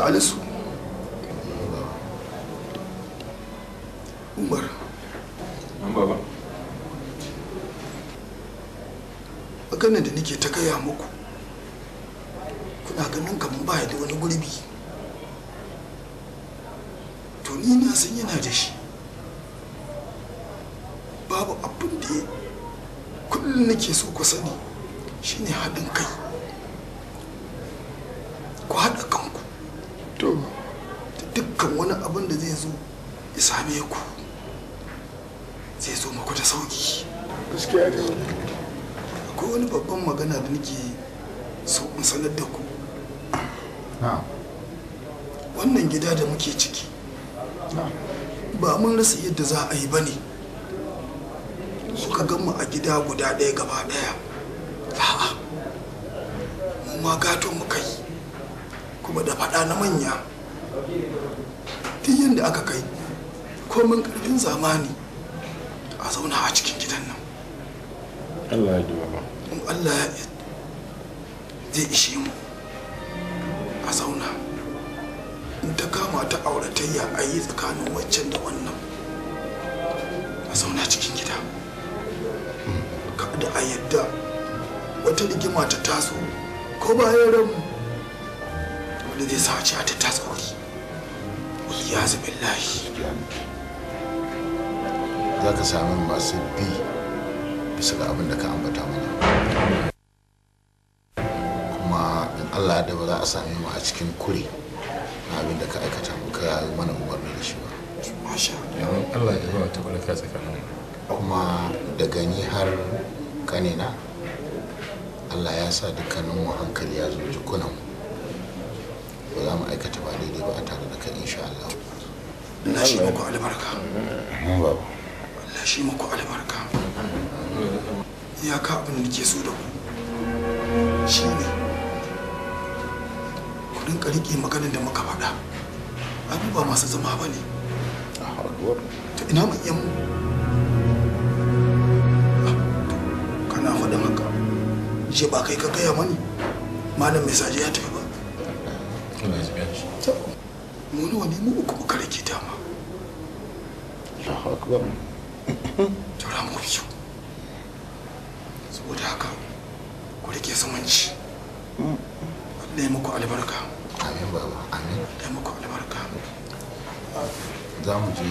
salisu umar baba maganar da nake ta gaya muku kuna ganin kamar baya da wani gurbi to ni na san yana da shi babu abin da kullum nake so ku sani shine haɗin kai gaskiya akwai wani babban magana da nake so in sanar da ku wannan gida da muke ciki ba mun rasa yadda za a yi ba ne suka gama a gida guda ɗaya gaba ɗaya a'a mu ma gato mu kai kuma da faɗa na manya duk yadda aka kai komin ƙarfin zamani a zauna a ciki Allah ya Allah ya zai ishe mu a zauna in ta kama ta auratayya a yi tsakanin waccan da wannan a zauna cikin gida kada a yadda wata rigima ta taso ko bayan ramu. wanda zai sa a ta taso wuri ya zubin lahi za ka sami masu bi bisa ga abin da ka ambata mana kuma in allah da ba za a sami mu a cikin kure na abin da ka aikata mu ka mana umarni da shi ba yawan allah ya ba ta barka tsakanin kuma da gani har kanina allah ya sa dukkanin mu hankali ya zo jikunan ba za mu aikata ba daidai ba a tare da kai insha allah na shi muku albarka mm-hmm. mm-hmm. Allah shi muku albarka iyaka abin da ke so da ku shi ne ku rinka riƙe maganin da muka faɗa abubuwa masu zama ba ne ta ina mu kana haka je ba kai ka gaya mani malam mai saje ya tafi ba mu uku rike dama Allahu akbar. Tura mu biyu. muku albarka amin baba amin ai muku albarka za mu je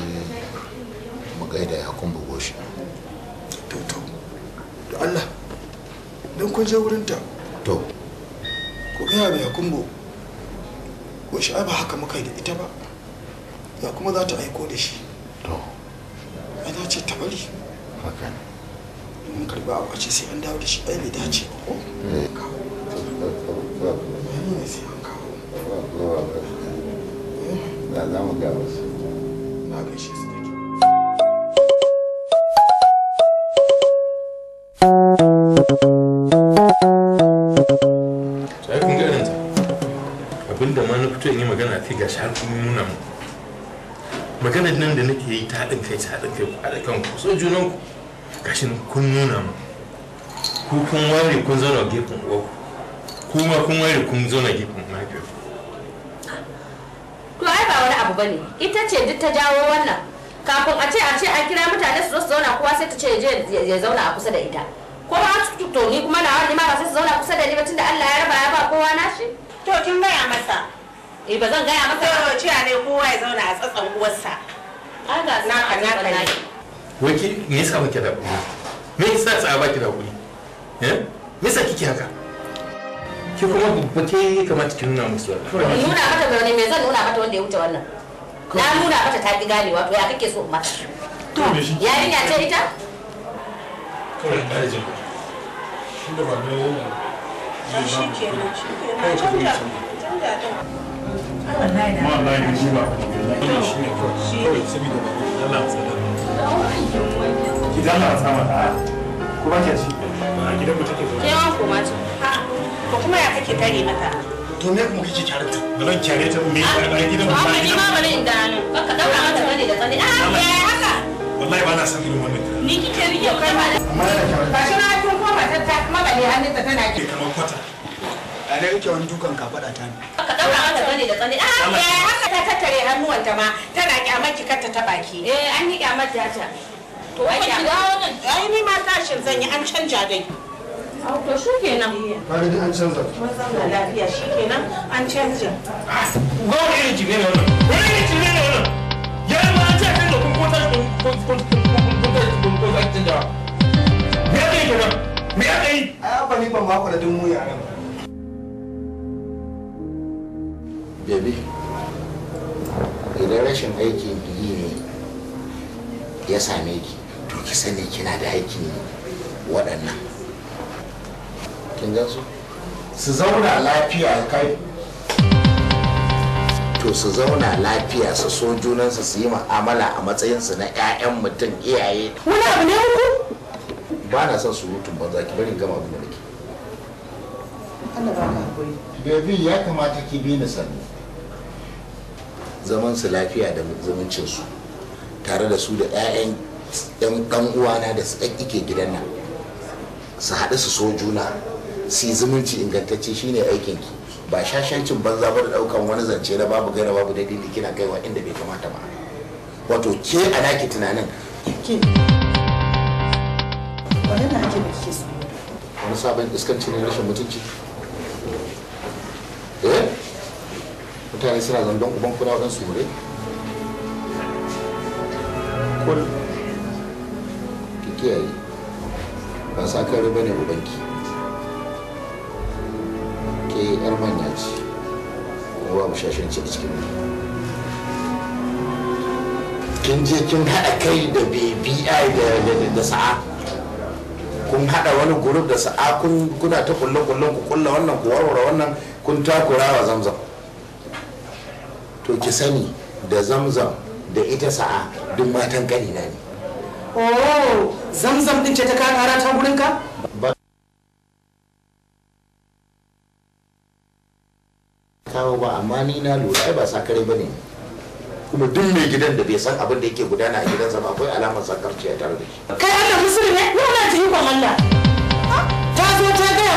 mu gaida ya kumbu goshi to to da Allah don kun je wurin ta to ku gaya ya kumbu goshi ai ba haka muka yi da ita ba ya kuma za ta aiko da shi to ai za ce ta bari haka ne mun karba a ce sai an dawo da shi ai bai dace ba ko eh. maganar nan da nake yi ta haɗin kai ta haɗin kai ku haɗa kanku so junan ku gashi kun nuna mu ku kun ware kun zauna gefen uwarku ku ma kun ware kun zauna gefen mahaifiyar to ai ba wani abu bane ita ce duk ta jawo wannan kafin a ce a ce an kira mutane su zo su zauna kowa sai ta ce je ya zauna a kusa da ita ko ba su to ni kuma na wani ma ba sai su zauna kusa da ni ba tunda Allah ya raba ya ba kowa na shi to kin gaya masa eh ba zan gaya masa ba cewa ne kowa ya zauna a tsatsan uwarsa ai ga na kan na kan waki me yasa muke da kuɗi me yasa ba ki da kuɗi eh me yasa kike haka ki kuma ba ke kamata ki nuna musu wannan nuna mata da wani me zan nuna mata wanda ya wuce wannan na nuna mata ta fi gane wato ya kake so mata to yarinya ce ita kawai na jin shi da ba ne shi kenan shi kenan canja canja ma Allah ya ji ba shi ne kawai saboda Allah tsada gidan Allah sama ta ko ba ki ci a gidan mu take ma ko kuma ya kake tare mata to me kuma kike tare ta me a gidan mu ni ma da nan ka dauka mata bane da tsani a ya haka wallahi ba na san irin wannan ni kike riyo kai amma da kyau ba shi na tun ta kuma ba hannunta tana ke kamar kwata a na rike wani dukan ka faɗa ta ne ka ɗauka mata zane da tsani ah ya haka ta tattare hannuwanta ma tana kyamar ki kar ta taɓa ki eh an yi kyamar da ta to ki yi wannan ai ni ma tashin zan yi an canja dai to shi kenan bari an canza mun lafiya shi an canja gowar ne wannan wani irin jime ne wannan ya ma an ce da kun kota kun kun kun kun Baby, idan rashin aikin yi ne ya same ki, to ki sani kina da aikin waɗannan. Kin gan su? Su zauna lafiya kai. To su zauna lafiya su so junansu su yi ma'amala a matsayinsu na 'ya'yan mutum iyaye. Wani abu ne ku? Ba na son surutun banza ki bari gama abin da nake. Allah ba ka hakuri. Bebi ya kamata ki bi ni sannu. zaman su lafiya da zumuncin su tare da su da 'ya'yan ɗan uwana da su ke gidan nan su haɗu su so juna su yi zumunci ingantacce shine aikin ki ba shashancin banza ba da ɗaukan wani zance na babu gaira babu dalili kina kaiwa inda bai kamata ba wato ke a naki tunanin wani sabon iskanci ne rashin mutunci eh mutane suna zan don uban kuna su wuri kul ki kiyaye ba sa kan riba ne ubanki ke yar manya ce kuma babu shashanci a cikin kin je kin haɗa kai da bbi da sa'a kun hada wani gurub da sa'a kun kuna ta kullum kullum ku kulla wannan ku warware wannan kun takura wa zamzam to ki sani da zamzam da ita sa'a duk matan kanina ne oh zamzam din ce ta kara ta gurin ka kawo ba amma ni na lura ba sa kare bane kuma duk mai gidan da bai san abin da yake gudana a gidansa ba akwai alamar sakarci ya tare da shi kai Allah musulmi ne wannan ji yi Allah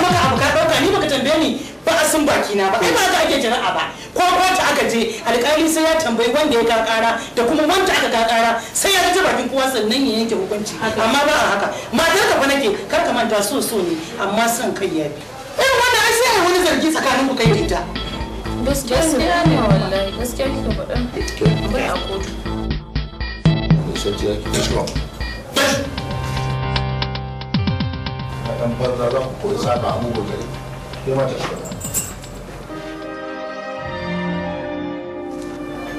gaya maka abu ka ɗauka ni baka tambaye ni ba a sun baki na ba ai ba ake jira'a ba ko ta aka je alƙali sai ya tambayi wanda ya kakara da kuma wanda aka kakara sai ya ji bakin kowa sannan ya yanke hukunci amma ba a haka matar ka fa nake kar ka manta so so ne amma son kai ya bi irin wanda ai sai wani zargi tsakanin ku kai da ita gaskiya ne wallahi gaskiya ne ka faɗa ba a kotu matan banza za ku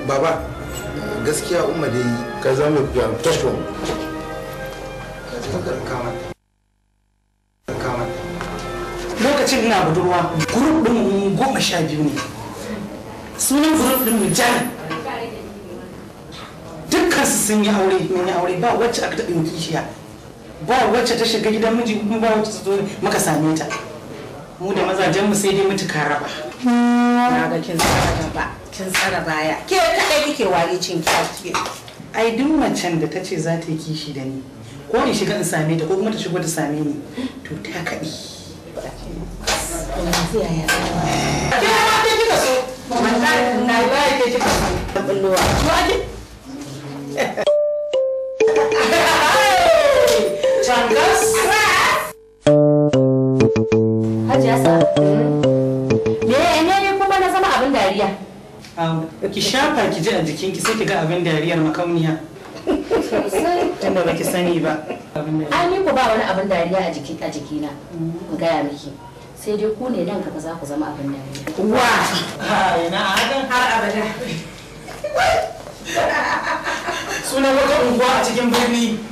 baba gaskiya umma dai ka zama biyan tashin lokacin ina budurwa grup din goma sha biyu ne sunan grup din mu jan dukkan su sun yi aure mun yi aure ba wacce aka taɓa yin kishiya ba wacce ta shiga gidan miji kuma ba wacce ta zo muka same ta mu da mazajen mu sai dai mutuka raba na ga kin tsara ba kin tsara baya ke kadai kike wari cin kiyaki ai duk macen da ta ce za ta yi kishi da ni ko in shiga in same ta ko kuma ta shigo ta same ni to ta kaɗi Thank you. Jangas. Hajiya kuma na zama abin dariya? Um, ki shafa ki ji a jikinki sai ki ga abin dariyar Tunda ba ki sani ba. Ai ni ku ba wani abin dariya a jikina. gaya Sai dai ku ne nan gaba za ku zama abin dariya. Wa! Ina hakan har abada. Sunan wata unguwa a cikin birni.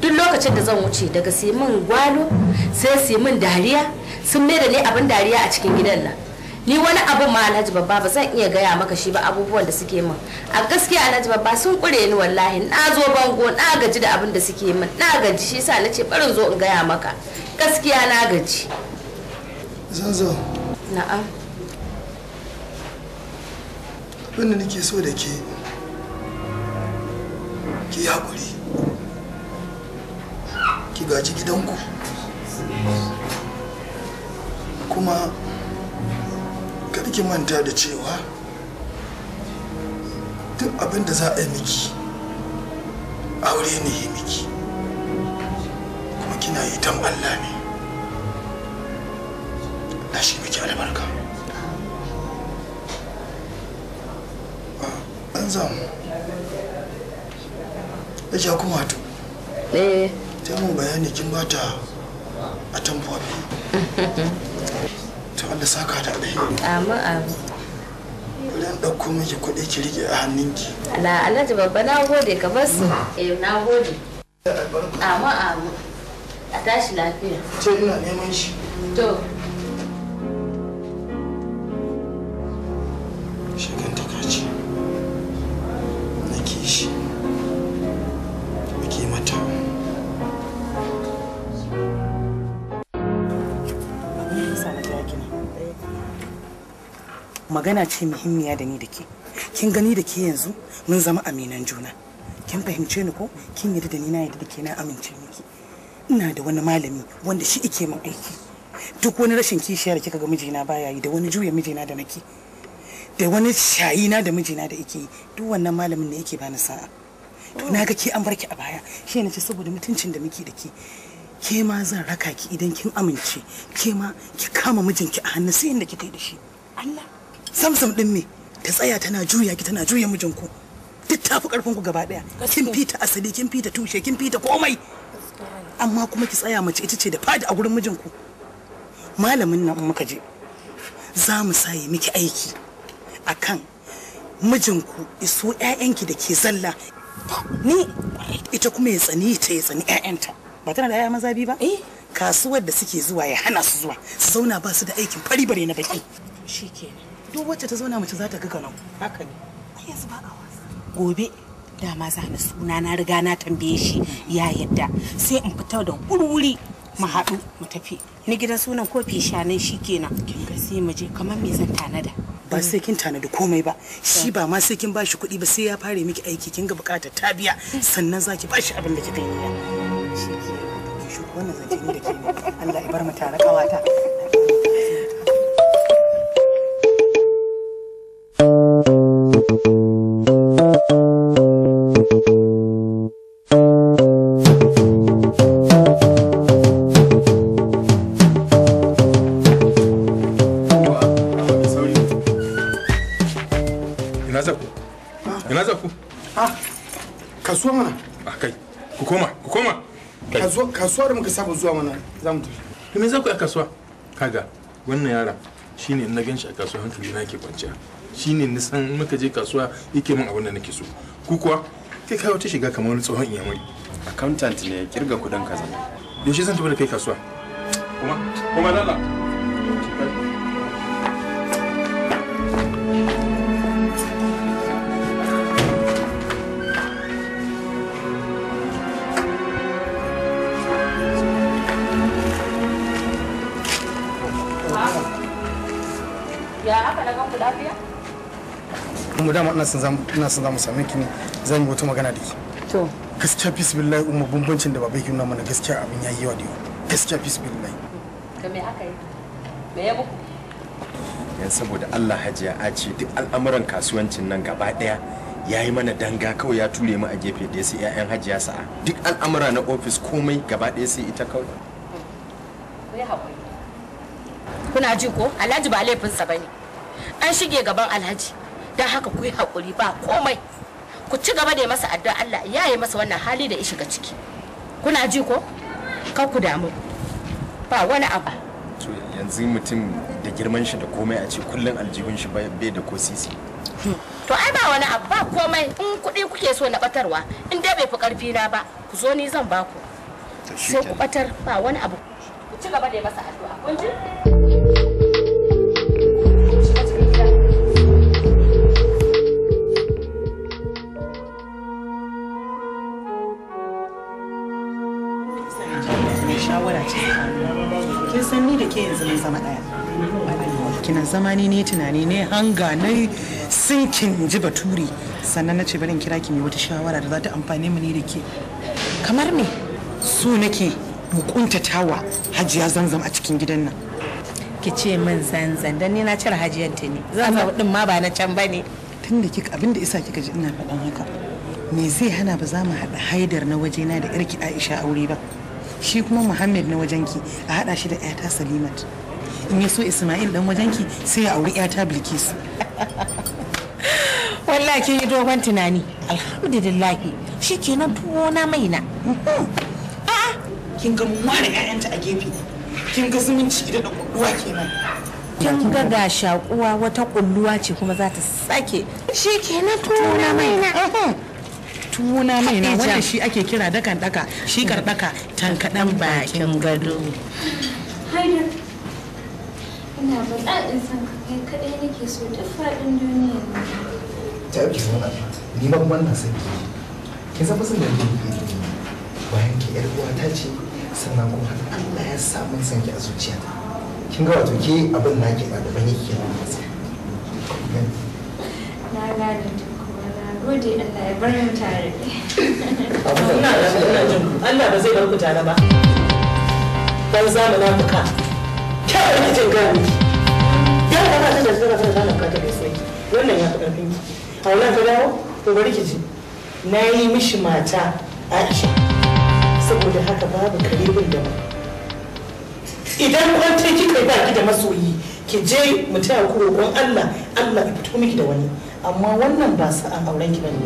duk lokacin da zan wuce daga su min gwalo sai su dariya sun mai da ni abin dariya a cikin gidan nan ni wani abu ma alhaji babba ba zan iya gaya maka shi ba abubuwan da suke min a gaskiya alhaji babba sun kure ni wallahi na zo bango na gaji da abin da suke min na gaji shi sa na barin zo in gaya maka gaskiya na gaji zazo na'am abin da nake so da ke ki hakuri ki gaji gidanku kuma ki manta da cewa duk abin da za a yi miki aure ne yi miki kuma kina yi don Allah ne na shi miki albarka an zamu da ja kuma to eh ta mun bayani kin ba ta a tamfofi to Allah saka da alheri amin amin Ran ɗauko miki kuɗi ki rike a hannunki. Ala Alhaji babba na gode ka basu. Eh na gode. Amin amin. A tashi lafiya. Ce ina neman shi. To. magana ce muhimmiya da ni da ke kin gani da ke yanzu mun zama aminan juna kin fahimce ni ko kin yarda da ni na yarda da ke na amince miki ina da wani malami wanda shi ike min aiki duk wani rashin kishiya da kika ga mijina baya yi da wani juya mijina da nake da wani shayina da mijina da ike yi duk wannan malamin ne yake bani sa'a to na ga ke an barki a baya shi ne ce saboda mutuncin da muke da ke ke ma zan raka ki idan kin amince ke ma ki kama mijinki a hannu sai inda kika yi da shi Allah samsam din me ta tsaya tana juya ki tana juya mijinku duk ta fi karfin ku gaba daya kin fita asali kin fita tushe kin fita komai amma kuma ki tsaya mace ita ce da fadi a gurin mijinku malamin nan muka je za mu sayi miki aiki akan mijinku iso ƴaƴanki da ke zalla ni ita kuma ya tsani ta ya tsani ƴaƴanta ba tana da ƴaƴa maza bi ba eh. kasuwar da suke zuwa ya hana su zuwa su zauna ba su da aikin fari bare na baki shikenan duk wacce ta zauna mace za ta ga nan haka ne ai yanzu ba a wasa gobe dama za ni suna na riga na tambaye shi ya yadda sai in fita da wuri mu haɗu mu tafi ni gidan sunan Kofi fishanin shi kenan sai mu je kamar me zan tanada ba sai kin tanadi komai ba shi ba ma sai kin bashi kuɗi ba sai ya fare miki aiki kin ga bukatar ta biya sannan zaki bashi abin da kika yi niyya shi ke wannan zance ne da ke Allah ya bar mu tare kawata kasuwa da muka saba zuwa mana za mu tafi. To me za ku yi a kasuwa? Kaga wannan yaron shine na gan shi a kasuwa hankali na ke kwanciya. shine na san muka je kasuwa yake min abin da nake so ku kuwa kai kai wata shiga kamar wani tsohon iyamuri accountant ne kirga kudin kaza yaushe zan tafi da kai kasuwa kuma kuma mu dama ina son ina mu zamu same ki ne zan yi wata magana da ki to gaskiya bismillah umma bambancin da babai nuna mana gaskiya abin yayi yawa da yawa gaskiya bismillah ka me aka yi me ya buku? yan saboda Allah hajiya a ce duk al'amuran kasuwancin nan gaba daya ya yi mana danga kawai ya ture mu a gefe da sai 'ya'yan hajiya sa'a duk al'amura na ofis komai gaba daya sai ita kawai kuna ji ko alhaji ba laifinsa ba ne an shige gaban alhaji don haka ku yi haƙuri ba komai ku ci gaba da masa addu'a Allah ya yi masa wannan hali da ya shiga ciki kuna ji ko kar ku damu ba wani abu yanzu mutum da girman shi da komai a ce kullum aljihun shi bai da ko sisi hmm. to ai ba wani abu ba komai in kuɗi kuke so na batarwa in dai bai fi karfi na ba ku zo ni zan baku sai ku batar ba wani abu ku ci gaba da masa addu'a kun ji san ni da ke yanzu na zama ɗaya kina zama ni ne tunani ne hanga na sinkin ji baturi sannan na ce barin kira ki mai wata shawara da za ta amfani mu ne da ke kamar me su nake mu hajiya zanzam a cikin gidan nan ki ce min zanzan dan ni na cire hajiyar ta ne zanzan din ma ba na can ne. tun da kika abin isa kika ji ina faɗan haka me zai hana ba za mu haɗa haidar na waje na da irki Aisha aure ba shi kuma muhammad na wajenki a haɗa shi da 'yata salimat in ya so ismail dan wajenki sai ya auri 'yata bilkisu wallahi kin yi dogon tunani alhamdulillah shi ke tuwo na maina a'a kin ga mara 'ya'yanta a gefe kin ga zumunci da kuwa kenan kin ga ga shakuwa wata kulluwa ce kuma za ta sake shi tuwona tuwo na maina tuna mai na wanda shi ake kira dakan daka shi kardaka tankaɗan bakin gado ina bala'in san kai kaɗai nake so duk faɗin duniya ta yau yi zama ni ba kuma na san ki kin san fasin da ni bayan ki yar uwata ce sannan kuma har Allah ya sa mun san ki a zuciyata kin ga wato ke abin naki da daban yake na gane gode Allah ya bar mu tare. Allah ba zai bar ku tare ba. Dan zamu na fuka. Kyawar mijin gani. Ya kamata da zuwa kan zanen ka ta Wannan ya fi ƙarfin ki. A wannan ka dawo, to bari ki ji. Na yi mishi mata Aisha. Saboda haka babu kare da ba Idan kwantar kika ba ki da masoyi, ki je mu taya ku roƙon Allah, Allah ya fito miki da wani. amma wannan ba sa an auren ki bane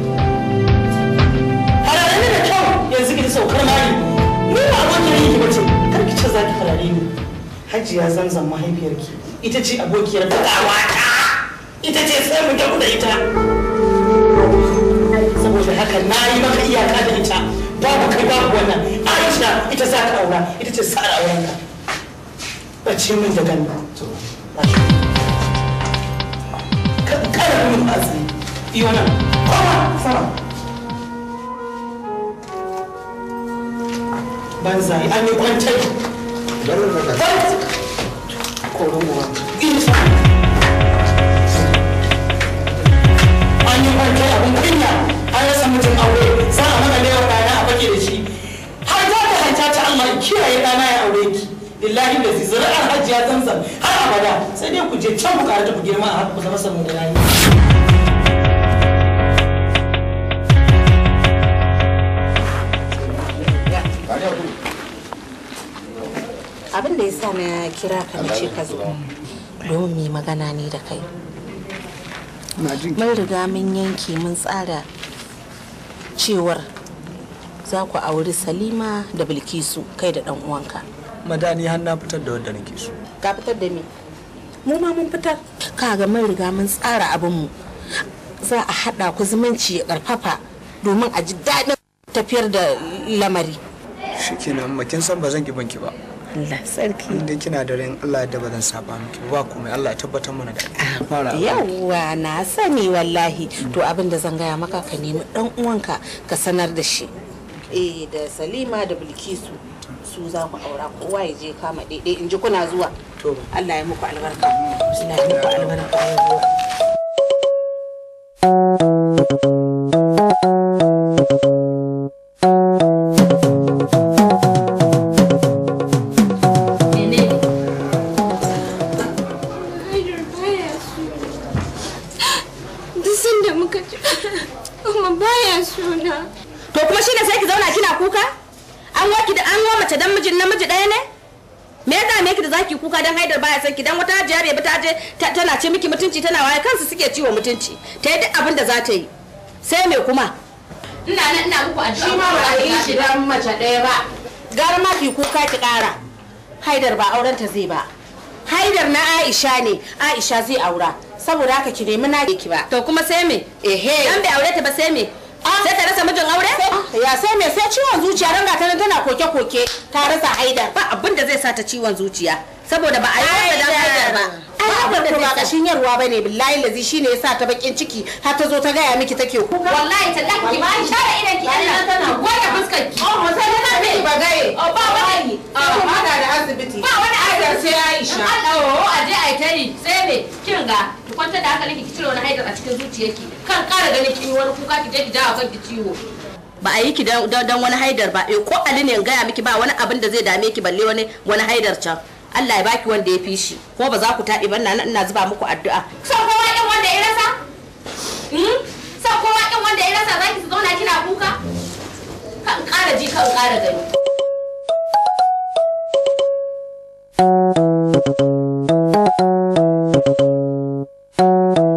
farare ne da kyau yanzu ki saukar mali ni ba abokiyar ki bace kar ki ce za ki farare ni hajiya zanzan mahaifiyarki ita ce abokiyar fadawa ta ita ce sai mu gabu da ita saboda haka na yi maka iyaka da ita babu kai babu wannan aisha ita za ka aura ita ce sa'ar aurenka bace min da ganda Iona, koma sama. Banzai, an yi kwantai. Barin da kai. Koron gowa. Insa. An yi kwantai abin kunya. An rasa mutum aure. Za a maka lewa ɗana a baki da shi. Har ta ta Allah kiyaye ya aure ki. Lillahi da zizzarar hajiya zamzam har abada sai dai ku je can ku karatu ku girma a haka ku zama sanin da abin da ya sa na kira ka na ce ka zo domin mu magana ne da kai mun riga mun yanke mun tsara cewar za ku auri salima da bilkisu kai da dan uwanka madani har na fitar da wadda nake so ka fitar da me mu ma mun fitar kaga mun riga mun tsara abin mu za a hada ku zumunci ya karfafa domin a ji daɗin tafiyar da lamari kenan makin san ba zan ki banki ba Allah sarki inda kina da ran Allah da bazan saba miki ba mai Allah tabbatar mana da fara yawa na sani wallahi to abin da zan gaya maka ka nemi dan uwanka ka sanar da shi eh da Salima da Bilkisu su za ku aura kowa ya je kama daidai in ji kuna zuwa to Allah ya muku albarka ya muku albarka hajiyar yabi ta je tana ce miki mutunci tana waye kansu suke ciwo mutunci ta yi duk abin da za ta yi sai me kuma ina nan ina muku a shi ma ba yi shi dan mace ɗaya ba gara ma ki kuka ki ƙara haidar ba auren ta zai ba haidar na aisha ne aisha zai aura saboda haka ki nemi na ki ba to kuma sai me ehe dan bai aure ta ba sai me ah. sai ta rasa mijin aure? Ah. ya sai me sai ciwon zuciya don gata tana koke-koke ta rasa haidar ba abin da zai sa ta ciwon zuciya saboda ba a yi wata dan haidar ba ai hakan ku ba kashin yarwa ne billahi lazi ya sa ta bakin ciki har ta zo ta gaya miki ta ke. ku wallahi ta daki ba ki share idan ki Allah tana goya fuskar oh, ki oh mu sai na ne ba gaye oh ba wani. ki ah. ba hada da asibiti ba wani da sai Aisha Allah oh aje ai tani sai me kin ga ki kwanta da hankalinki ki cire wani haidar a cikin zuciyarki kan kara ganin kin wani kuka ki je ki dawo ki ciwo ba a yi ki dan wani haidar ba eh, ko Ali ne gaya miki ba wani abin da zai dame ki balle wani wani haidar can Allah ya baki wanda ya fi shi ko ba za ku taɗi ba nan ina zuba muku addu'a son kowa ɗin wanda ya rasa hmm? son kowa ɗin wanda ya rasa za ki su zauna kina kuka kan ƙara ji kan ƙara gani Thank you.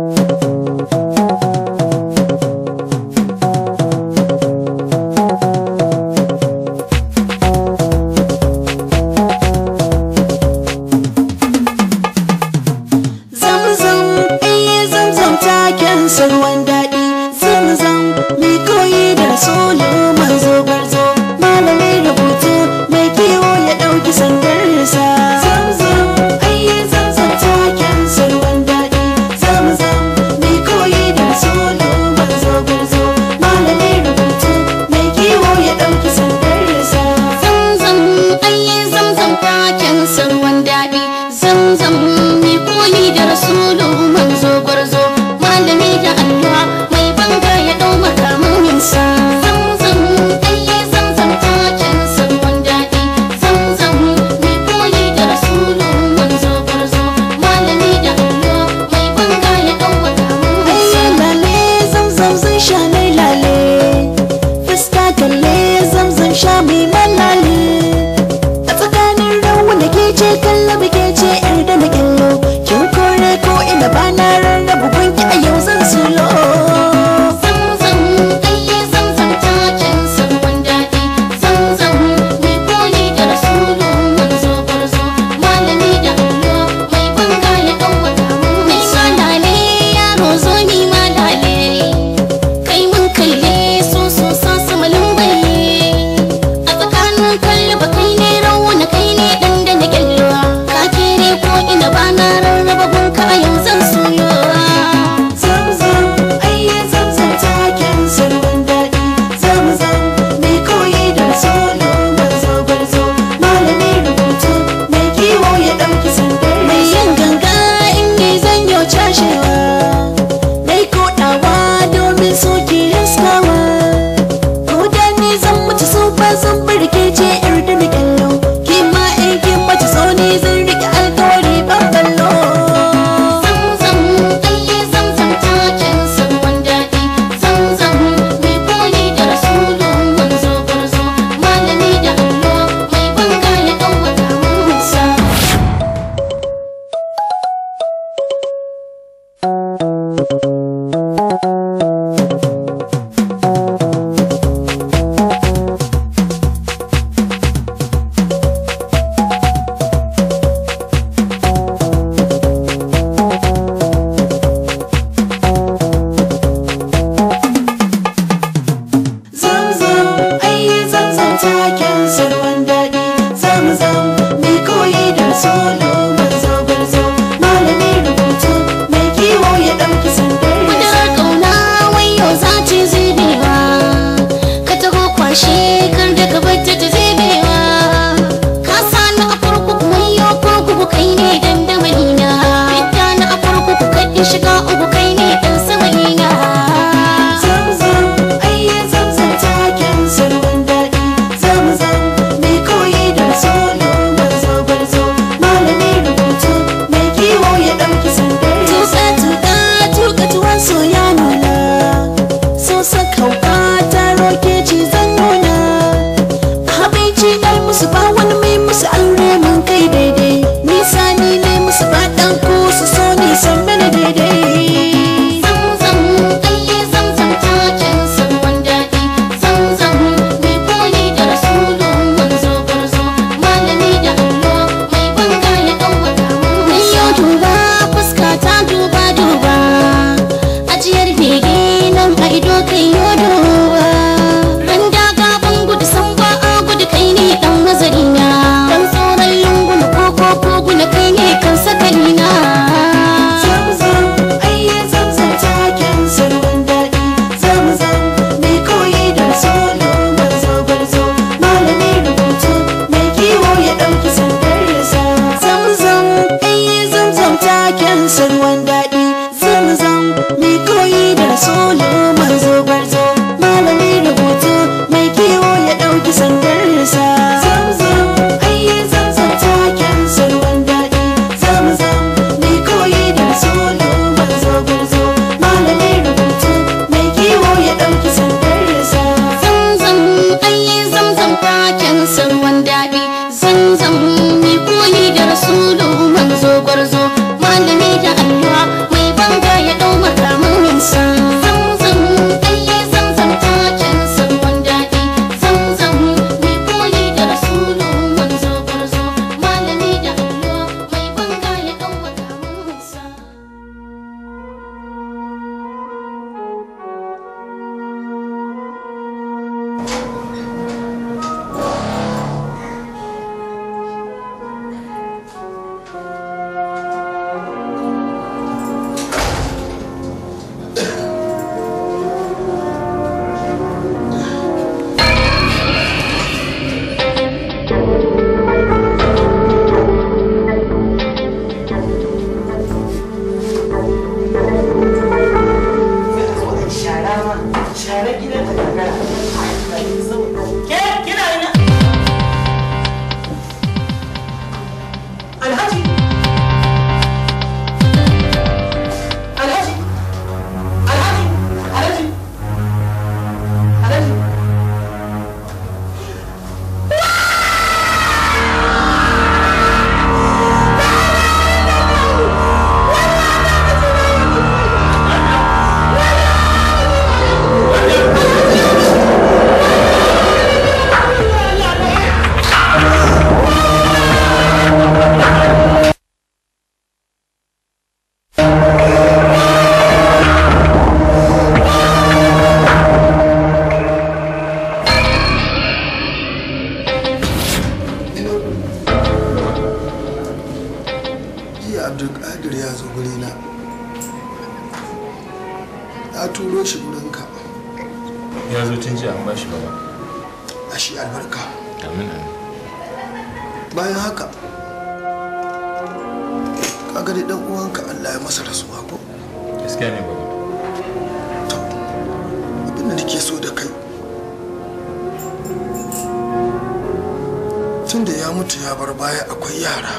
yara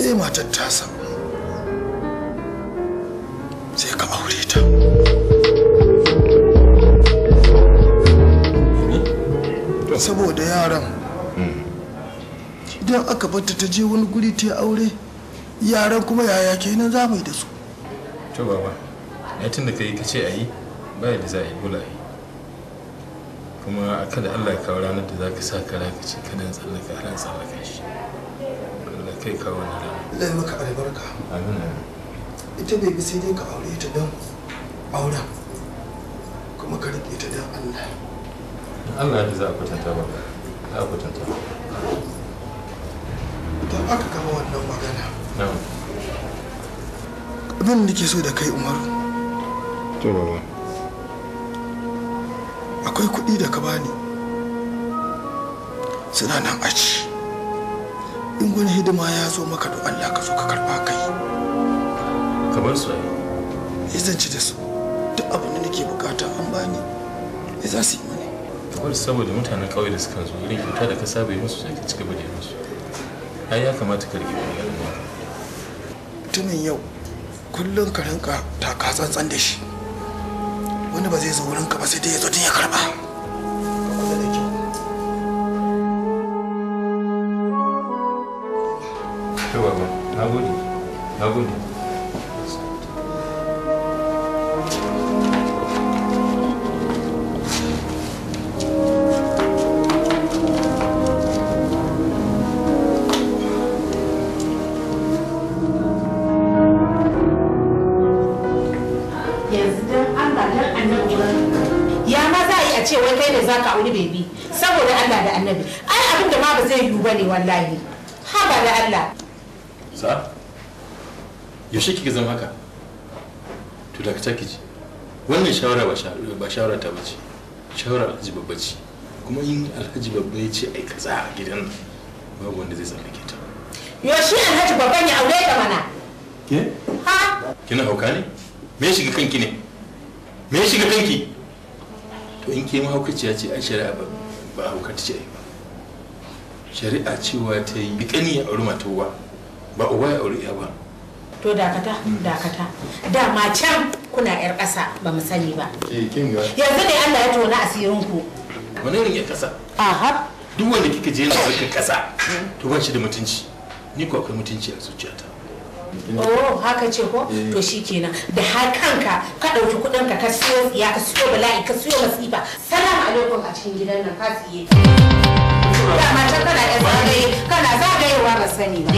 eh matar tasa sai ka aure ta saboda yaran idan aka barta ta je wani guri ta aure yaran kuma yaya kenan za mu yi da su to baba ai tun da kai ka ce a yi ba da za a yi bula. kuma a kada allah kawo ranar da za ka sa kara ka ce kada in tsallaka ana tsallaka shi allah kai kawo wani rana allah ya maka albarka ita bai bi sai dai ka aure ta don aura kuma ka riƙe ta don allah allah ya za a kwatanta ba za a kwatanta don aka gama wannan magana abin da ke so da kai umaru to baba akwai kuɗi da ka bani suna nan a ci in wani hidima ya zo maka da Allah ka zo ka karba kai kamar su ai eh, zan ci da su duk abin da nake bukata an bani ya eh, za su yi mani kawai saboda mutanen kauye da suka zo irin kyauta da ka saba yi musu sai ka cika bude musu ai ya kamata ka rige wani tunin yau kullum ka rinka taka tsantsan da shi wani ba zai zo wurinka ba sai dai ya zo din ya karba ka kula na gode na gode annabi ai abin da ma ba zai yiwu bane wallahi ha ba da Allah sa yaushe kike zama haka to daga take ji wannan shawara ba shawara ta bace shawara alhaji babba ce kuma yin alhaji babba ya ce ai kaza a gidan babu wanda zai tsallake ta yaushe alhaji babban ya aure ka mana ke ha kina hauka ne me shiga kanki ne me shiga kanki to in ke mahaukaciya ce ai shari'a ba hauka ta ce shari'a cewa ta yi ƙani ya auri matowa ba uwa ya auri ba to dakata hmm. dakata dama can kuna yar ƙasa ba mu sani ba yanzu ne Allah ya tona asirin ku wani irin yar ƙasa aha duk wanda kika je na barka ƙasa to ba shi da mutunci ni ko akwai mutunci a zuciyata oh haka ce ko eh. to shikenan da har kanka ka ɗauki kuɗin ka ka siyo ya ka siyo bala'i ka siyo masifa salamu alaikum a cikin gidan nan ka siye kana zagaye kana zagayewa ba sani ba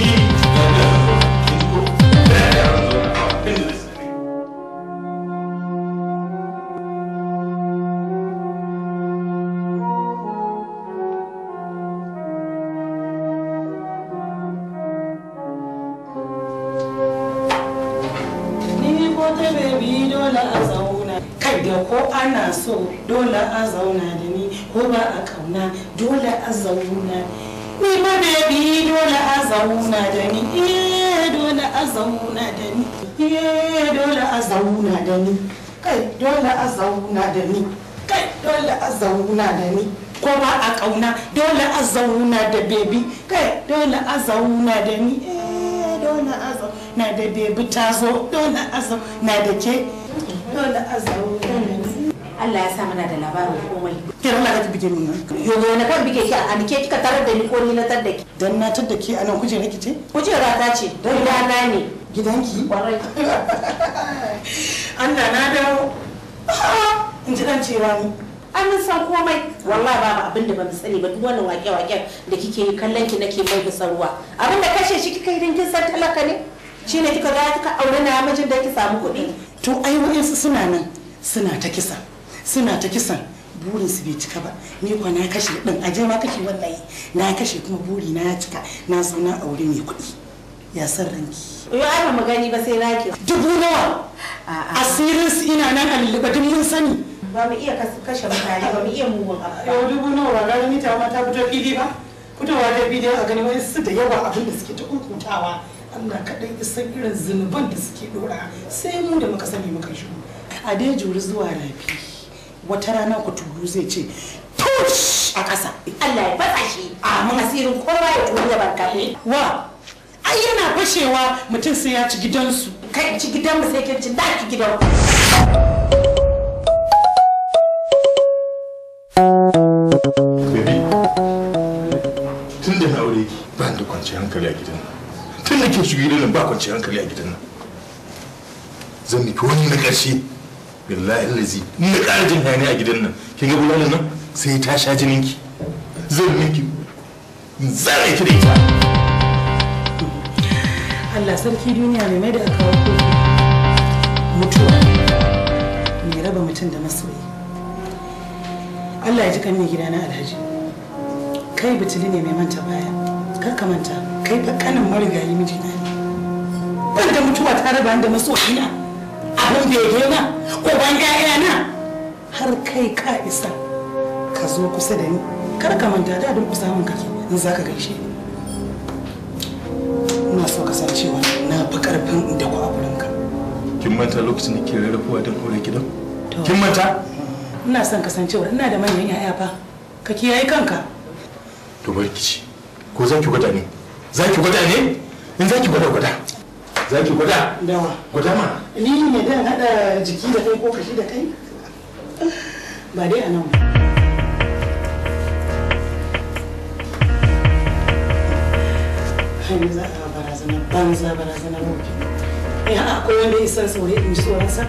Ni ko ta bebi da ko ana so dole a zauna da ni ko ba a kauna dole a zauna ni ma baby dole a zauna da ni eh dole a zauna da ni eh dole a zauna da ni kai dole a zauna da ni kai dole a zauna da ni ko ba a kauna dole a zauna da baby kai dole a zauna da ni eh dole a zauna da baby ta zo dole a zauna da ke Allah ya sa mana da labarin komai. Kira Allah ta bige ni. Yo yo na kan bige ki a ke kika tarar da ni ko ni na tar da ki. Dan na tar da ki anan kuje nake ce? Kujera ta ce. Dan na ne. Gidanki? Kwarai. Allah na dawo. In ji dan cewa ni. An mun san komai. Wallahi babu abin da ba mu sani ba duk wannan wake-waken da kike yi kallon ki nake mai bisarwa. Abin da kashe shi kika yi dan kin san talaka ne? shine ne kika ga kika aure na mijin da ki samu kuɗi to ai wa'insu suna nan suna ta kisa suna ta kisan burin su bai cika ba ni kwa na kashe din aje ma kashe wallahi na kashe kuma buri na ya cika na zo na aure mai kuɗi ya san ranki yo ai mu gani ba sai naki dubu nawa asirin su ina nan a lulluba duk mun sani ba mu iya kashe mutane ba mu iya mugun abu yo dubu nawa ba gani ta ma ta fito fili ba fitowa ta fili a gani wani su da yawa abin da suke ta kunkutawa Allah kaɗai isan irin zunuban da suke ɗora sai mu da muka sani muka shigo a dai juri zuwa rafi wata rana ku tulu zai ce tush a ƙasa Allah ya fasa shi a mun asirin kowa ya tuli da barka wa ai yana fashewa mutum sai ya ci gidansu kai ci gidan mu sai ka ci daki gidan tun da na aure ki ban da kwanciyar hankali a gidan nan. tun da ke shiga gidan ba kwanci hankali a gidan nan zan nufi wani na ƙarshe billahi lazi ni na ƙara jin hayani a gidan nan kin ga bulalar nan sai ta sha jinin ki zan miki zare ki da ita Allah sarki duniya mai mai da aka kawo kofi mutuwa mai raba mutum da masoyi Allah ya ji kan mai gidana alhaji kai bitili ne mai manta baya kar ka manta kai fa kanin marigayi mijina ne ban da mutuwa ta raba da masoyina abin bege ba, ko ban na har kai ka isa ka zo kusa da ni kar ka manta da don kusa min kake in zaka gaishe ni ina so ka san cewa na fi karfin da ku a ka. kin manta lokacin da ke rarrafuwa don aure gidan kin manta ina son kasancewa ina da manyan 'ya'ya fa ka kiyaye kanka to barki ko zan ki gwada ni za ki gwada ne in za ki gwada gwada za ki gwada gwada ma ni ne dan hada jiki da kai ko kashi da kai ba dai a nan hanyar za a barazanar banza barazana mafi ya eh, akwai wanda isa saurayi in ji tsoronsa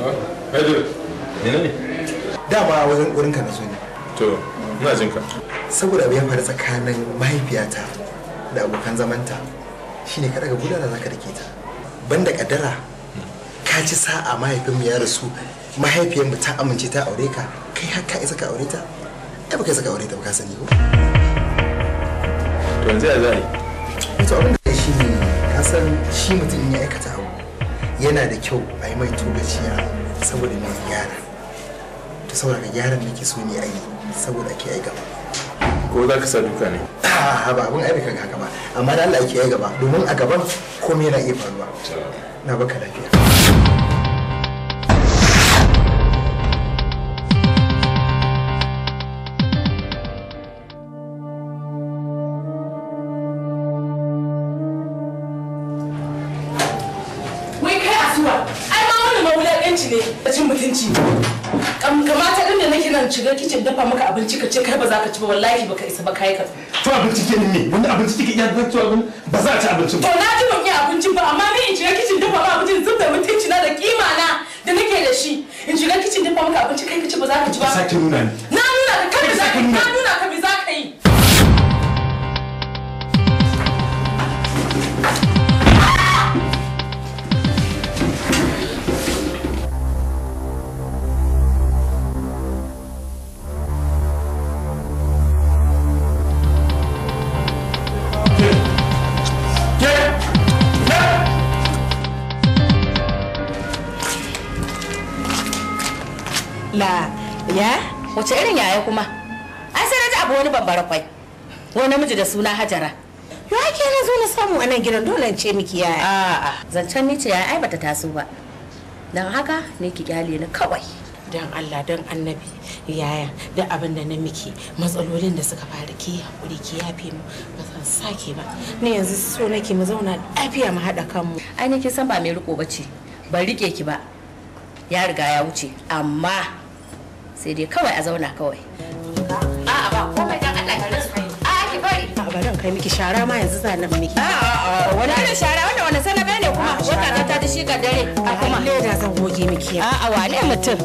ah, Pedro, ne ne? wajen wurin ka na so ne. To, ina jin ka. saboda abu ya faru tsakanin mahaifiyata da abokan zamanta shine ka daga gudana za ka rike ta banda kadara ka ci sa'a mahaifinmu ya rasu mahaifiyarmu ta amince ta aure ka kai haka isa ka aure ta ai baka isa ka aure ta baka sani ko to yanzu ya za abin da shi ne ka shi mutum ya aikata abu yana da kyau a yi mai togaciya saboda mai gyara to saboda ga gyaran nake so ne a yi saboda ke ai gaba ko za ka sa duka ne a ba abin aibe kan haka ba amma da Allah yake ya gaba domin a gaban komai na iya faruwa na baka lafiya mutunci kamata din da nake nan shiga kicin dafa maka abinci ka ce kai ba za ka ci ba wallahi baka isa ba kai ka to abinci ke ne wanda abinci kike iya da to abin ba za a ci abinci ba to na ji ban yi abincin ba amma ni in shiga kicin dafa maka abincin zuba mutunci na da kima na da nake da shi in shiga kicin dafa maka abinci kai ka ce ba za ka ci ba sake nuna ni na nuna ka kada za ka nuna ka Ya? Wace irin yaya kuma? An sai na abu wani babbar kwai. Wani namiji da suna Hajara. Yau ake na zo na samu a nan gidan dole ce miki yaya. A'a, zancen ni ce yaya ai bata taso ba. Dan haka ne ki kyale ni kawai. Dan Allah dan Annabi yaya da abin da na miki matsalolin da suka faru ki hakuri ki yafe mu ba san sake ba. Ni yanzu so nake mu zauna lafiya mu hada kanmu. Ai ne san ba mai riko bace. Ban rike ki ba. Ya riga ya wuce amma sai dai kawai a zauna kawai Allah ki kai miki shara ma yanzu za nan miki wani shara wanda wani sanabe ne kuma wata ta ta shi ga dare a kuma leda zan goge miki a'a wane mutum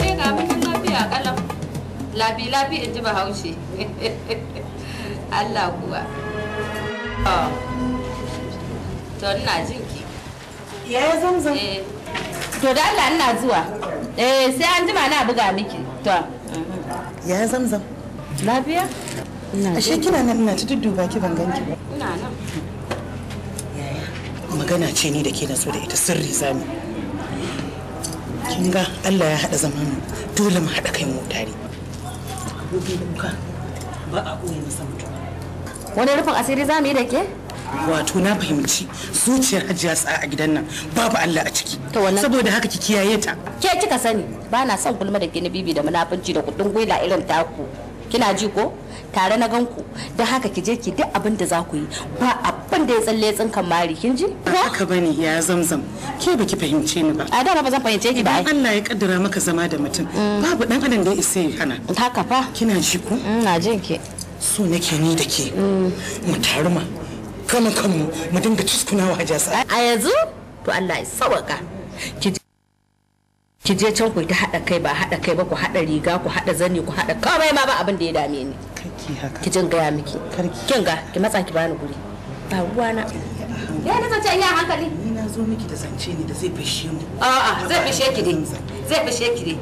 sai ga mutum lafiya kalam labi labi in ji bahaushe ah. jinki ya eh. to da Allah ina zuwa eh sai an jima na buga miki to ya zamzam lafiya ashe kina nan ina ta dudduba ki ban ganki ba ina nan magana ce ni da ke so da ita sirri zamu kin ga Allah ya hada zaman mu dole mu hada kai mu tare ba a koyi masa mutum wani rufin asiri zamu yi da ke wato na fahimci zuciyar hajiya tsa a gidan nan babu Allah a ciki saboda haka ki kiyaye ta ke kika sani ba na son gulma da gini bibi da munafunci da kudin gwila irin taku kina ji ko tare na ganku da haka ki je ki duk abin da za ku yi ba abin da ya tsalle tsinkan mari kin ji ba haka bane ya zamzam ke baki fahimce ni ba a da ba zan fahimce ki ba ai Allah ya kaddara maka zama da mutum mm. babu dan adam da ya isa ya hana haka fa kina ji ko ina mm, jin ki so nake ni da ke mm. mu taruma kama kanmu mu dinga cuskunawa hajasa a yanzu to Allah ya sauka. ki je can ku ta hada kai ba hada kai ba ku hada riga ku hada zani ku hada komai ma ba abin da ya dame ni ki jin gaya miki kin ga ki matsa ki bani guri ba ruwana ya na zance iya hankali ni na zo miki da zance ne da zai fishe mu a'a zai fishe ki dai zai fishe ki dai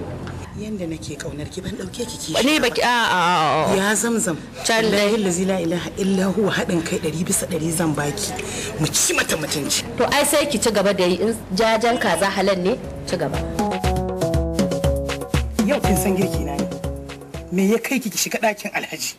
yanda nake kaunar ki ban dauke ki kishi ne baki a a ya zamzam tallahi lazi la ilaha illa huwa hadin kai 100 bisa 100 zan baki mu ci mata mutunci to ai sai ki ci gaba da yi in jajan kaza halal ne ci gaba yau kin san girki na ne me ya kai ki ki shiga dakin alhaji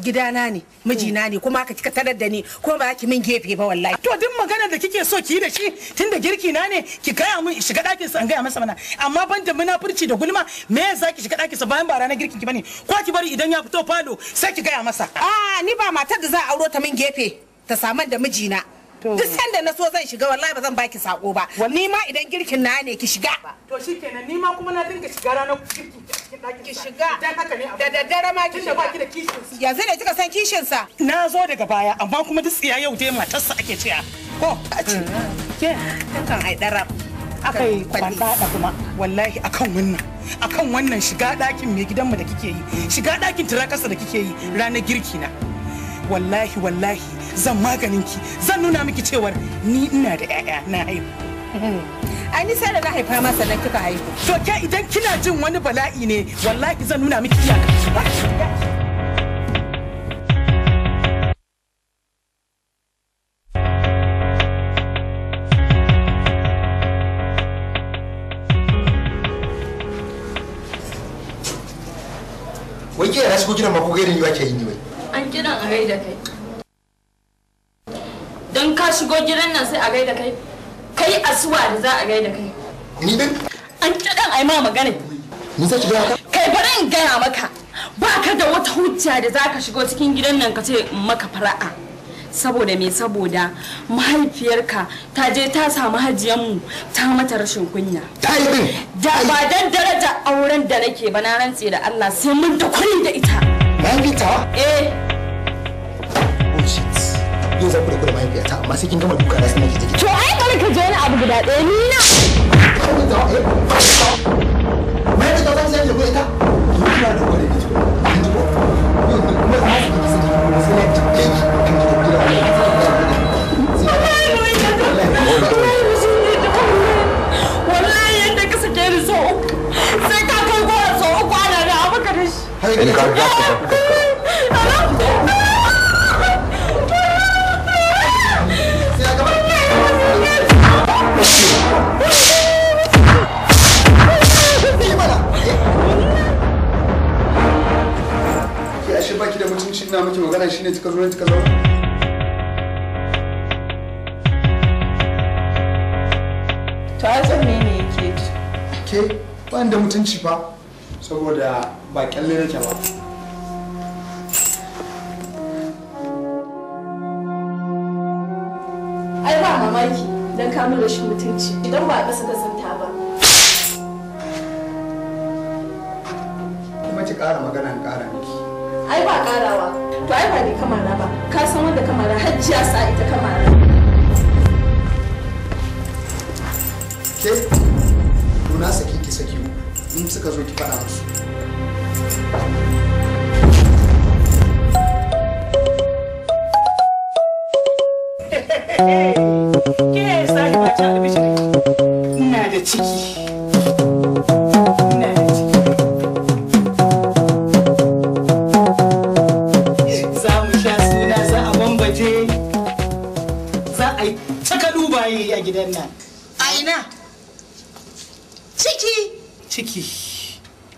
gidana ne mijina ne kuma haka kika tarar da ni ko ba ki min gefe ba wallahi to duk magana da kike so ki yi da shi tunda girki na ne ki gaya min shiga ɗakin sa an gaya masa mana amma ban da munafurci da gulma me yasa ki shiga ɗakin sa bayan ba ranar girkin ki bane ko ki bari idan ya fito falo sai ki gaya masa a ni ba matar da za a auro ta min gefe ta saman da mijina duk sanda na so zan shiga wallahi ba zan baki sako ba ni ma idan girkin na ne ki shiga to shikenan ni ma kuma na dinga shiga ranar girki ki shiga haka ne da daddare ma ki shiga baki da kishin yanzu ne kika san kishin sa na zo daga baya amma kuma duk tsiya yau dai matarsa ake ciya ko a ci mm. ke kan ai darab akai kwandada kuma wallahi akan wannan akan wannan shiga dakin mai gidanmu da kike yi shiga dakin tirakarsa da kike yi ranar girki na wallahi wallahi zan maganin ki zan nuna miki cewar ni ina da 'ya'ya na haihu hmm. ai ni sai da na haifa ma sannan kika haihu to ke idan kina jin wani bala'i ne wallahi zan nuna miki iyaka wai ke na shigo gidan ma ko gairin yi ake yi ne wai an kiran a gaida kai don ka shigo gidan nan sai a gaida kai kai asuwa da za a gaida kai ni din an kiran yi ma magana ni sai kiga ka kai bari in gaya maka ba ka da wata hujja da za ka shigo cikin gidan nan ka ce maka fara'a saboda me saboda mahaifiyarka ta je ta samu hajiyanmu ta mata rashin kunya da ba dan daraja auren da nake ba na rantse da Allah sai mun da kuri da ita mahaifiyarta eh bullshit yau zan kuɗa kuɗa mahaifiyarta amma sai kin gama duka na sanar ki to ai kar ka je wani abu guda ɗaya ni na mahaifiyarta zan sayar da kuɗa ita to kina da kuɗa ne ki ci kuɗa kuma turanci ka to a san yake ji ke ban da mutunci fa saboda ba kyalle nake ba ai ba mamaki dan ka rashin mutunci idan ba ka saka santa ba kuma ki ƙara magana ƙara miki ai ba ƙarawa to ai ba ni kamara ba ka san wanda kamara hajjiya sa ita kamara ke to saki ki saki in suka zo ki faɗa musu Ke sai ka ta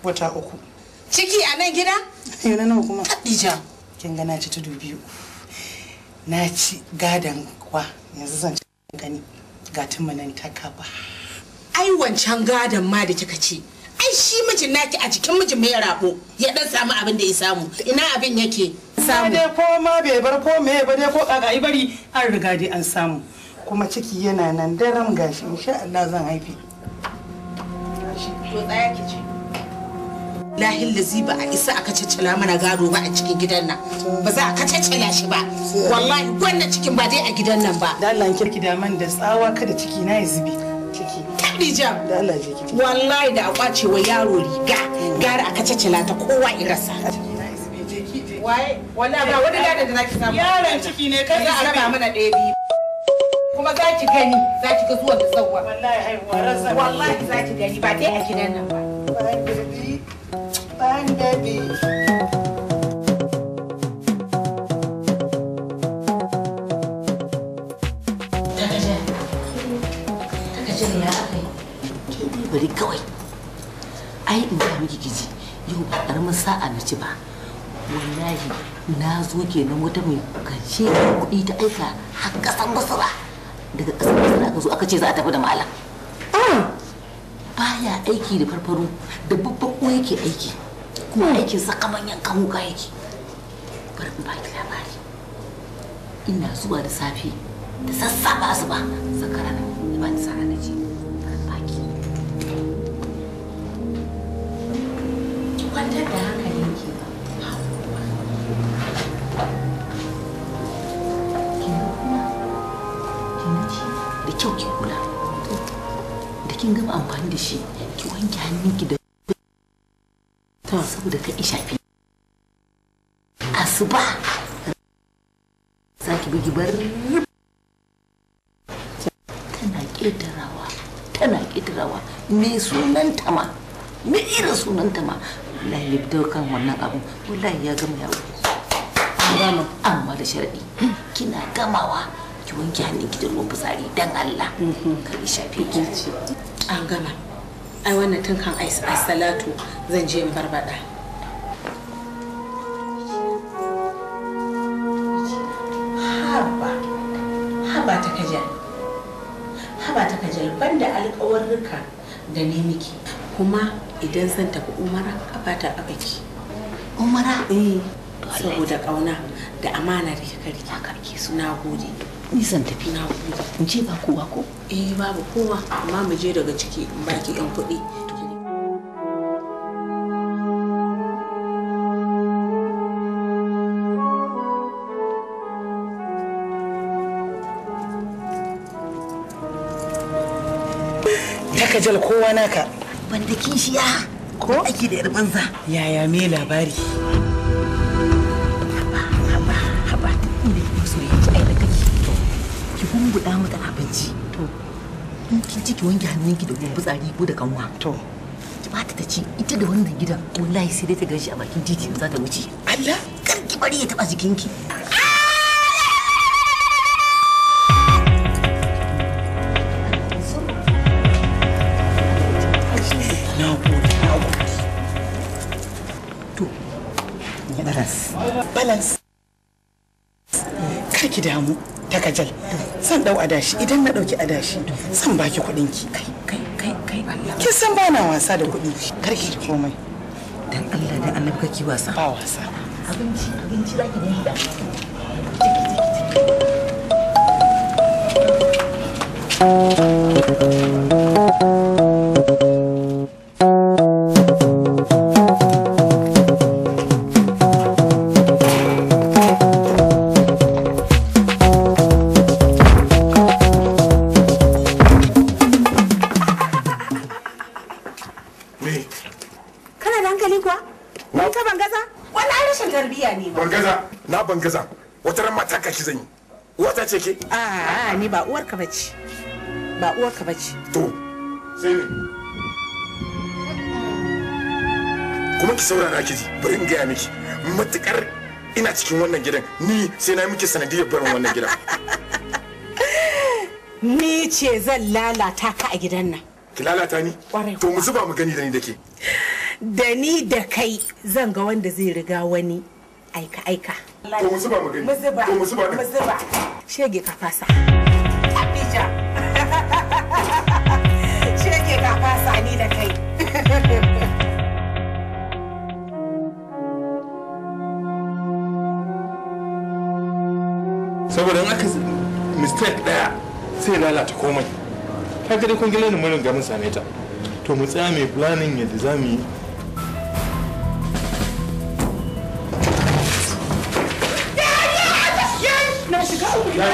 wata uku ciki a nan gida yau na nawa kuma kadija kin ga na ci tudu biyu na ci gadan kwa yanzu zan ci gani gatin manan ta kaba. ai wancan gadan ma da kika ci ai shi mijin naki a cikin mijin mai rabo ya dan samu abin da ya samu ina abin yake samu dai ko ma bai bar ko me ba dai ko kaga bari an riga dai an samu kuma ciki yana nan daram gashi insha Allah zan haife to tsaya ki ce lahin lazi ba a isa aka caccala mana gado ba a cikin gidan nan ba za a caccala shi ba wallahi wannan cikin ba dai a gidan nan ba da Allah kirki da man da tsawa kada ciki na ya zube ciki Khadija da Allah je wallahi da a kwace wa yaro riga gara aka caccala ta kowa irasa waye wallahi ba wani gadon da zaki samu yaron ciki ne kai za a raba mana ɗaya biyu kuma za ki gani za ki ga zuwa da sauwa wallahi haihuwa wallahi za ki gani ba dai a gidan nan ba bari kawai ai in ga miki kiji yau ba karamin sa'a na ci ba wallahi na zo kenan wata mai kace kuɗi ta aika har ƙasar basra daga ƙasar basra aka zo aka ce za a tafi da malam ah! baya aiki da farfaro da babban yake aiki kuma aikin sa manyan yankan ga yake bari in ki labari ina zuwa da safe da sassafa su ba sakara na ba ta sara na ce baki kwantar da hankalin ki ba da kyau ki kula da kin gama amfani da shi ki wanke hannunki da saboda ka in asuba saki bugi tana ƙetarawa tana ƙetarawa me sunanta ma me irin sunanta ma wallahi ya kan wannan abu wallahi ya gama yawo ranar amma da sharadi kina gamawa ki wanke hannun ki da ruwan fitsari dan Allah mm-hmm. kar ki shafe an gama ai wannan tun kan salatu zan je in barbada haba haba ta kajal haba ta kajal banda da ne miki kuma idan zan tafi umara kafata a baki umara eh saboda kauna da amana da kika rike gode nisan tafi na in ce ba kowa ko eh babu kowa amma mu je daga ciki in baki yan kuɗi kajal kowa naka. Banda kishiya ko ake da yar banza. Yaya me labari? tunguda mata abinci to in kin ci ki wanke hannunki da fitsari ko da kanwa to ki bata ta ci ita da wannan gidan wallahi sai dai ta a bakin titi za ta wuce Allah kar ki bari ya jikinki balance balance ki damu takajal san dau adashi idan na dauki adashi san baki kudin ki kai kai kai kai Allah kin san bana wasa da kudi karki komai dan Allah dan annabi kake wasa ba wasa abinci abinci zaki da Thank you. ka ce ba uwar ka ce to sai ne kuma ki saurara ki ji bari in gaya miki matukar ina cikin wannan gidan ni sai na miki sanadiyar barin wannan gidan ni ce zan lalata ka a gidan nan ki lalata ni to mu zuba mu gani da ni da ke da ni da kai zan ga wanda zai riga wani aika aika to mu zuba mu gani to mu zuba mu zuba shege ka fasa saboda in aka mistake daya sai lalata komai ka ga dai kun gila ne mun same ta to mu tsaya mai planning yadda za mu yi na shiga uku na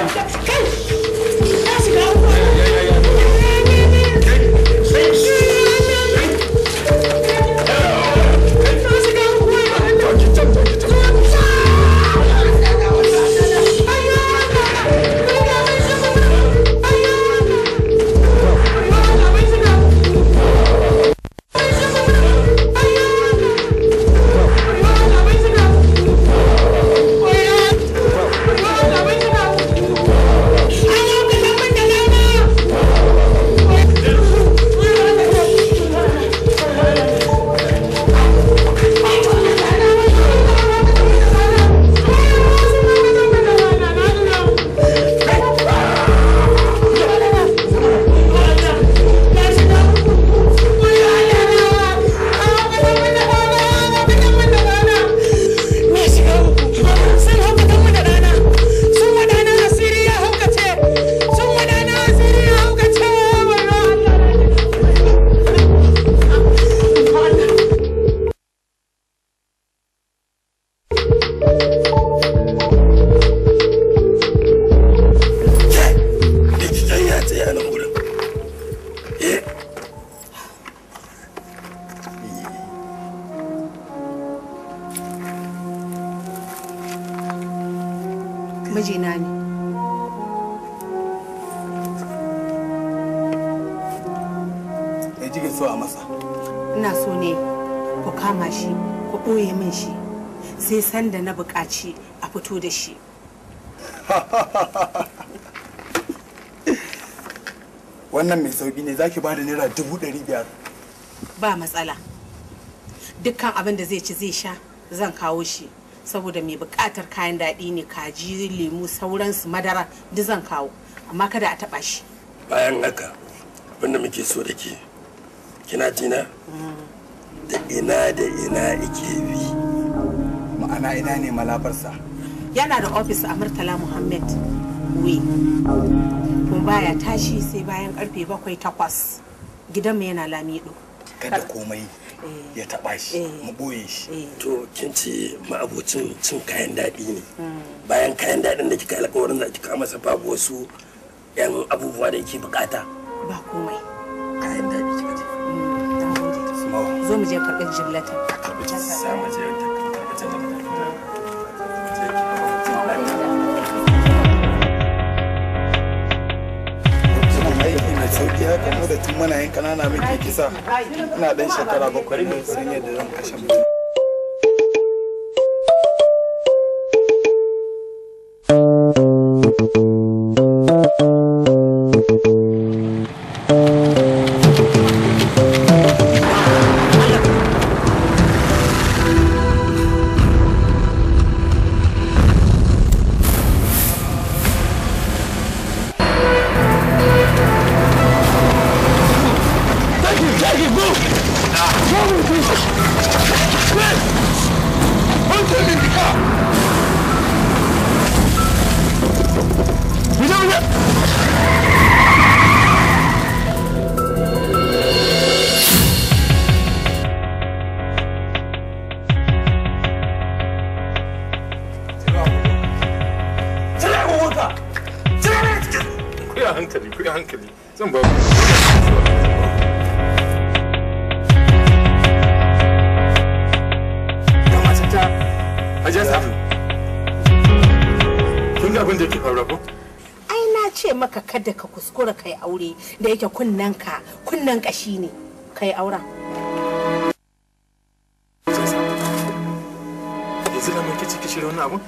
ci a fito da shi wannan mai sauki ne zaki ba da naira dubu ɗari biyar ba matsala dukkan abin da zai ci zai sha zan kawo shi saboda mai buƙatar kayan daɗi ne kaji lemu sauransu madara duk zan kawo amma kada a taɓa shi bayan haka abin da muke so da ke kina tina mm. da ina da ina ike bi ana ina ne malabarsa yana da ofis a murtala muhammed we kun baya tashi sai bayan karfe bakwai takwas gidan mu yana lamido kada komai ya taba shi eh. mu boye shi eh. to kin ce abocin cin kayan daɗi ne bayan kayan daɗin da kika alƙawarin za ki kama masa babu wasu yan abubuwa da yake bukata ba komai kayan daɗi kika ce mm, zo mu je karɓar jimlatan samu je da sauki haka mu da tun muna yin kanana muke kisa ina dan shekara bakwai ne san da zan kashe mutum yake ka kunnen kashi ne kai auren yanzu da muke ciki shirya wani abu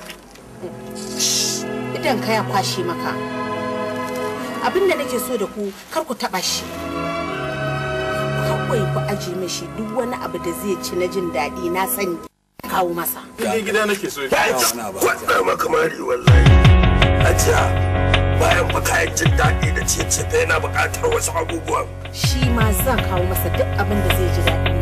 idan ka ya kwashe maka abin da nake so da ku kar ku taba shi kawai ku aje mishi duk wani abu da zai ci na jin daɗi na sani kawo masa. Gida nake so ya ci. Kwaɗa makamari wallahi. Ajiya. bayan makayan jin daɗi da cece yana buƙatar wasu abubuwan shi ma zan kawo masa duk abin da zai ji daɗi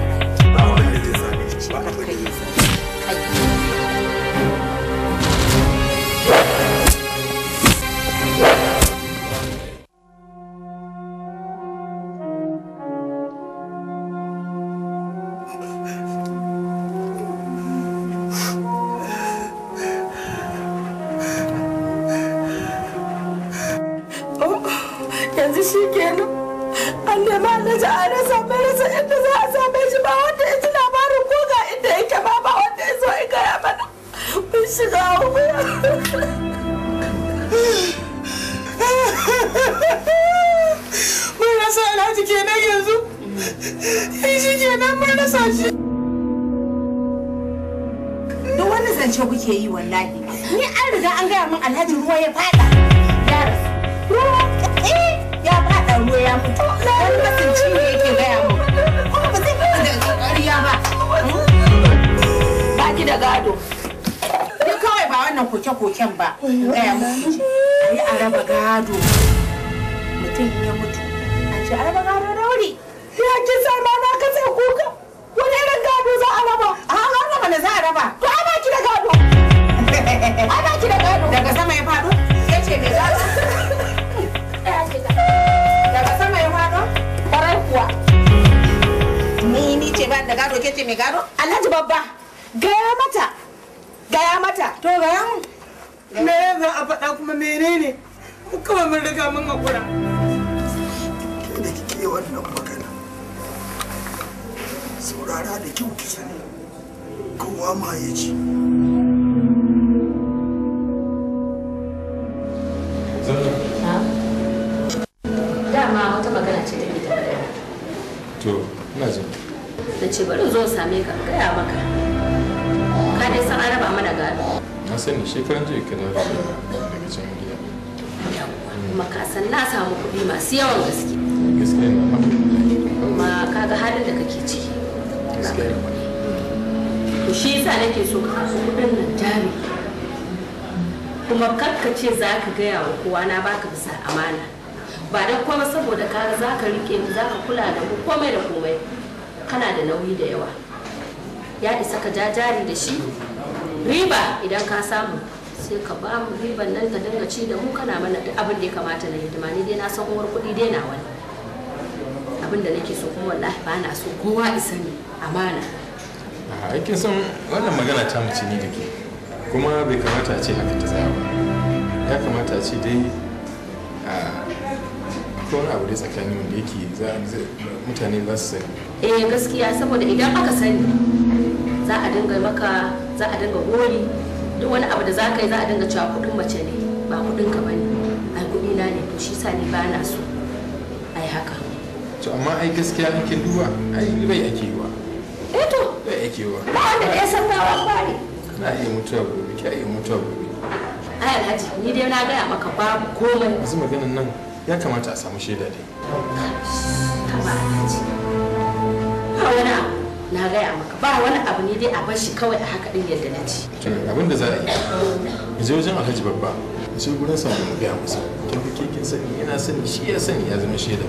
kyau ki sani kowa ma ya ji ce bari zo same ka gaya maka ka dai san an raba mana gado na sani shekaran jiya ka dawo daga can gida kuma ka san na samu kuɗi masu yawan gaske gaskiya na ma halin da kake ciki to shi yasa nake so ka kudin nan jari kuma ce za ka gaya wa kowa na baka bisa amana ba dan kuma saboda ka za ka rike ni za ka kula da mu komai da komai kana da nauyi da yawa ya isa ka ja jari da shi riba idan ka samu sai ka ba mu riban nan ka dinga ci da mu kana mana duk abin da ya kamata na hidima ni dai na san uwar kuɗi dai na wani abin da nake so kuma wallahi ba na so kowa isa ne amana a aikin san wannan magana ta mace ni da ke kuma bai kamata a ce haka ta tsaya ba ya kamata a ce dai a wani abu dai tsakani wanda yake mutane za su sani eh gaskiya saboda idan aka sani za a dinga maka za a dinga gori duk wani abu da za ka yi za a dinga cewa kudin mace ne ba kudin ka bane ai kudi na ne to shi sa ni ba na so ai haka to amma ai gaskiya in kin duba ai bai ake yi ake wa ba wanda da ya san tawa kwari kana iya mutuwa gobe kya iya mutuwa gobe ai alhaji ni dai na gaya maka babu komai yanzu maganan nan ya kamata a samu shaida dai kaba alhaji ba wani abu na gaya maka ba wani abu ne dai a bar shi kawai a haka din yadda na ci abin da za a yi mu je wajen alhaji babba mu je gurin sa mu gaya masa kin kin sani yana sani shi ya sani ya zama shaida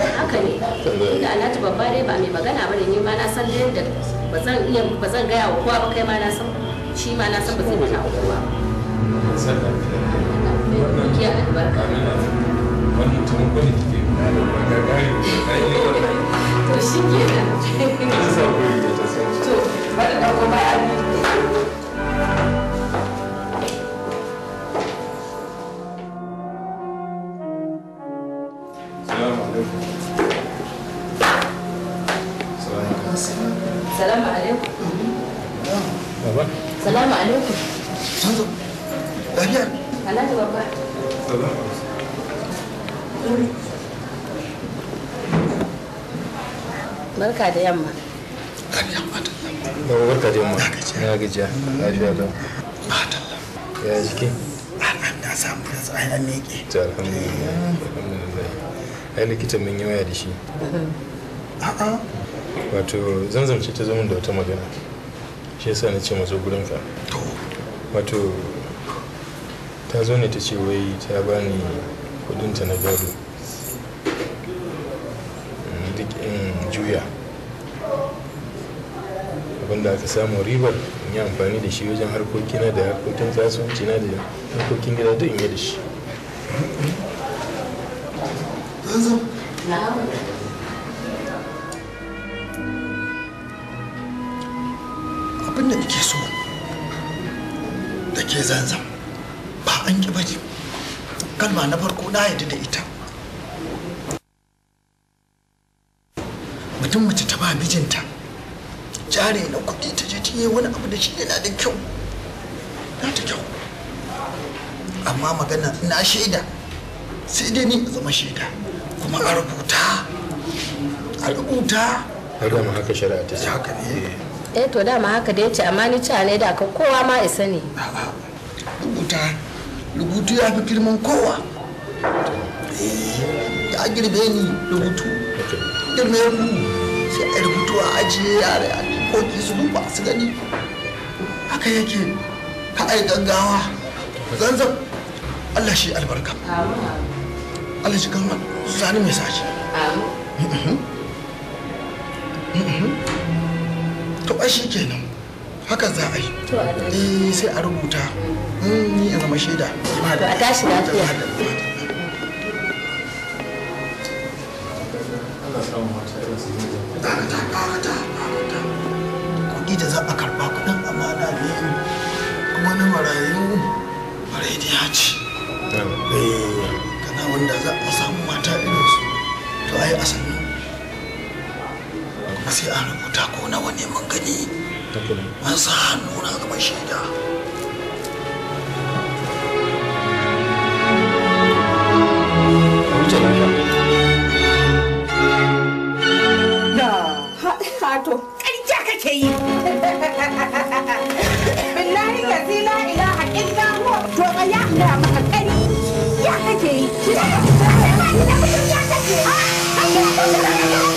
haka ne inda alhaji babba dai ba mai magana ba da ni ma na san da yadda ba zan iya ba zan gaya wa kowa ba kai ma na san shi ma na san ba zai gaya wa kowa ya albarka yamma Baba barka da yamma. Na gajiya. Lafiya lau. Madalla. Ya jiki? Na samu da tsaye na miƙe. Ta alhamdulillah. Ai likita mun yi waya da shi. A'a. Wato zanzamce ta zama da wata magana. Shi yasa na ce mazo ka. Wato ta zo ne ta ce wai ta bani kudinta na gado. da aka samu ribar in yi amfani da shi wajen harkokina da harkokin kasuwanci na da harkokin gida duk in yi da shi abin da nake so da ke zanzan ba an ƙi bane kalma na farko na yadda da ita mutum mace ta ba mijinta jari na kuɗi ta je ta yi wani abu da shi yana da kyau na ta kyau amma magana na shaida sai dai ni zama shaida kuma a rubuta a rubuta da haka shari'a ta haka ne eh. eh to dama haka da yace amma ni ci ne da ka kowa ma isa ne rubuta rubutu ya fi girman kowa eh, ya girbe ni rubutu girme ku sai a rubutu a ajiye yare haƙoƙi su duba su gani haka yake ka ai gaggawa zanzan Allah shi albarka Allah shi kama su sani mai sashi mm-hmm. mm-hmm. to ba shi kenan haka za a yi eh sai a rubuta mm, ni a zama shaida to a tashi lafiya Allah samu mata irin kuɗi da za a karɓa kuɗin amana ne kuma na marayu marayu ya ce eh, kana wanda za a samu mata irin su to ai a kuma sai a rubuta ko nawa ne mun gani an sa hannu na gaban shaida billahi ya zi la ilaha illa huwa to ka ya da maka kari ya kake yi ya kake yi